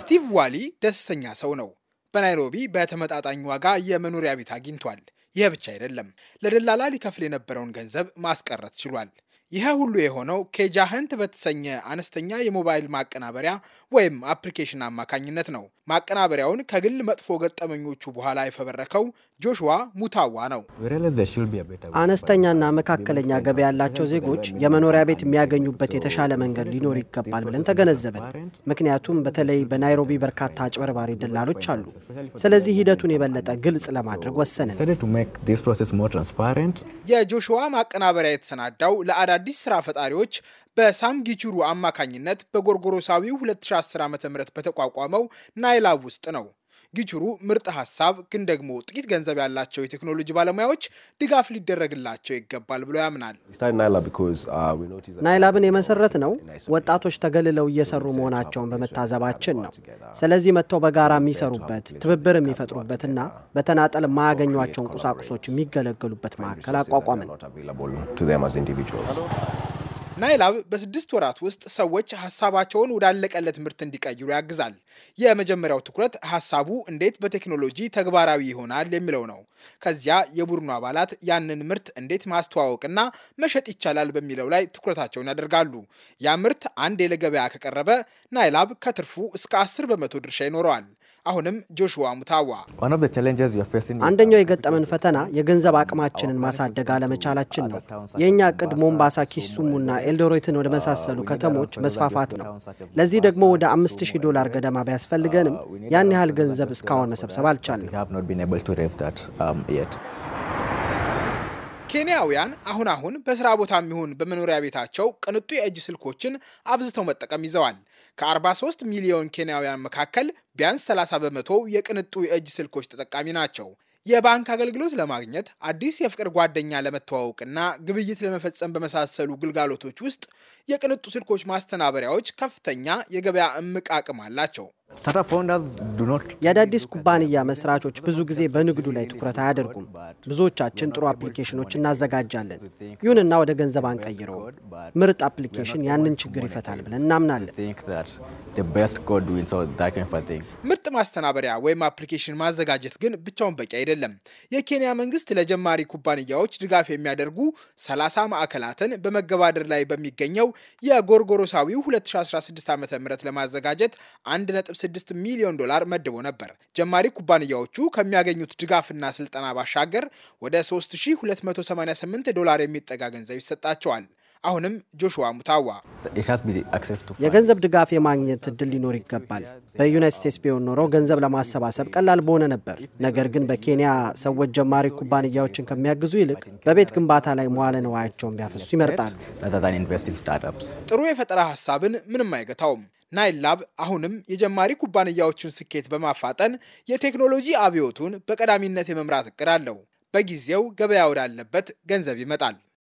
ስቲቭ ዋሊ ደስተኛ ሰው ነው። በናይሮቢ በተመጣጣኝ ዋጋ የመኖሪያ ቤት አግኝቷል። ይህ ብቻ አይደለም፣ ለደላላ ሊከፍል የነበረውን ገንዘብ ማስቀረት ችሏል። ይህ ሁሉ የሆነው ኬጃህንት በተሰኘ አነስተኛ የሞባይል ማቀናበሪያ ወይም አፕሊኬሽን አማካኝነት ነው። ማቀናበሪያውን ከግል መጥፎ ገጠመኞቹ በኋላ የፈበረከው ጆሹዋ ሙታዋ ነው። አነስተኛና መካከለኛ ገቢ ያላቸው ዜጎች የመኖሪያ ቤት የሚያገኙበት የተሻለ መንገድ ሊኖር ይገባል ብለን ተገነዘብን። ምክንያቱም በተለይ በናይሮቢ በርካታ አጭበርባሪ ደላሎች አሉ። ስለዚህ ሂደቱን የበለጠ ግልጽ ለማድረግ ወሰንን። የጆሹዋ ማቀናበሪያ የተሰናዳው ለአዳ አዳዲስ ስራ ፈጣሪዎች በሳምጊቹሩ አማካኝነት በጎርጎሮሳዊው 2010 ዓ ም በተቋቋመው ናይላብ ውስጥ ነው። ግቹሩ ምርጥ ሀሳብ ግን ደግሞ ጥቂት ገንዘብ ያላቸው የቴክኖሎጂ ባለሙያዎች ድጋፍ ሊደረግላቸው ይገባል ብሎ ያምናል። ናይላብን uh, የመሰረት ነው ወጣቶች ተገልለው እየሰሩ መሆናቸውን በመታዘባችን ነው። ስለዚህ መጥተው በጋራ የሚሰሩበት ትብብር የሚፈጥሩበትና በተናጠል የማያገኟቸውን ቁሳቁሶች የሚገለገሉበት ማዕከል አቋቋምን። ናይላብ በስድስት ወራት ውስጥ ሰዎች ሀሳባቸውን ወዳለቀለት ምርት እንዲቀይሩ ያግዛል። የመጀመሪያው ትኩረት ሀሳቡ እንዴት በቴክኖሎጂ ተግባራዊ ይሆናል የሚለው ነው። ከዚያ የቡድኑ አባላት ያንን ምርት እንዴት ማስተዋወቅና መሸጥ ይቻላል በሚለው ላይ ትኩረታቸውን ያደርጋሉ። ያ ምርት አንዴ ለገበያ ከቀረበ ናይላብ ከትርፉ እስከ አስር በመቶ ድርሻ ይኖረዋል። አሁንም ጆሹዋ ሙታዋ አንደኛው የገጠመን ፈተና የገንዘብ አቅማችንን ማሳደግ አለመቻላችን ነው። የእኛ እቅድ ሞምባሳ፣ ኪሱሙና ኤልዶሬትን ወደ መሳሰሉ ከተሞች መስፋፋት ነው። ለዚህ ደግሞ ወደ 5000 ዶላር ገደማ uh, ቢያስፈልገንም ያን ያህል ገንዘብ እስካሁን መሰብሰብ አልቻልንም። um, ኬንያውያን አሁን አሁን በስራ ቦታ የሚሆን በመኖሪያ ቤታቸው ቅንጡ የእጅ ስልኮችን አብዝተው መጠቀም ይዘዋል። ከ43 ሚሊዮን ኬንያውያን መካከል ቢያንስ 30 በመቶ የቅንጡ የእጅ ስልኮች ተጠቃሚ ናቸው። የባንክ አገልግሎት ለማግኘት አዲስ የፍቅር ጓደኛ ለመተዋወቅና ግብይት ለመፈጸም በመሳሰሉ ግልጋሎቶች ውስጥ የቅንጡ ስልኮች ማስተናበሪያዎች ከፍተኛ የገበያ እምቅ አቅም አላቸው። የአዳዲስ ኩባንያ መስራቾች ብዙ ጊዜ በንግዱ ላይ ትኩረት አያደርጉም። ብዙዎቻችን ጥሩ አፕሊኬሽኖች እናዘጋጃለን፣ ይሁንና ወደ ገንዘብ አንቀይረው። ምርጥ አፕሊኬሽን ያንን ችግር ይፈታል ብለን እናምናለን። ምርጥ ማስተናበሪያ ወይም አፕሊኬሽን ማዘጋጀት ግን ብቻውን በቂ አይደለም። የኬንያ መንግስት ለጀማሪ ኩባንያዎች ድጋፍ የሚያደርጉ 30 ማዕከላትን በመገባደር ላይ በሚገኘው የጎርጎሮሳዊው 2016 ዓ ም ለማዘጋጀት 1 6 ሚሊዮን ዶላር መድቦ ነበር። ጀማሪ ኩባንያዎቹ ከሚያገኙት ድጋፍና ስልጠና ባሻገር ወደ 3288 ዶላር የሚጠጋ ገንዘብ ይሰጣቸዋል። አሁንም ጆሹዋ ሙታዋ የገንዘብ ድጋፍ የማግኘት እድል ሊኖር ይገባል። በዩናይት ስቴትስ ቢሆን ኖሮ ገንዘብ ለማሰባሰብ ቀላል በሆነ ነበር። ነገር ግን በኬንያ ሰዎች ጀማሪ ኩባንያዎችን ከሚያግዙ ይልቅ በቤት ግንባታ ላይ መዋለ ንዋያቸውን ቢያፈሱ ይመርጣል። ጥሩ የፈጠራ ሀሳብን ምንም አይገታውም። ናይል ላብ አሁንም የጀማሪ ኩባንያዎቹን ስኬት በማፋጠን የቴክኖሎጂ አብዮቱን በቀዳሚነት የመምራት እቅድ አለው። በጊዜው ገበያ ወዳለበት ገንዘብ ይመጣል።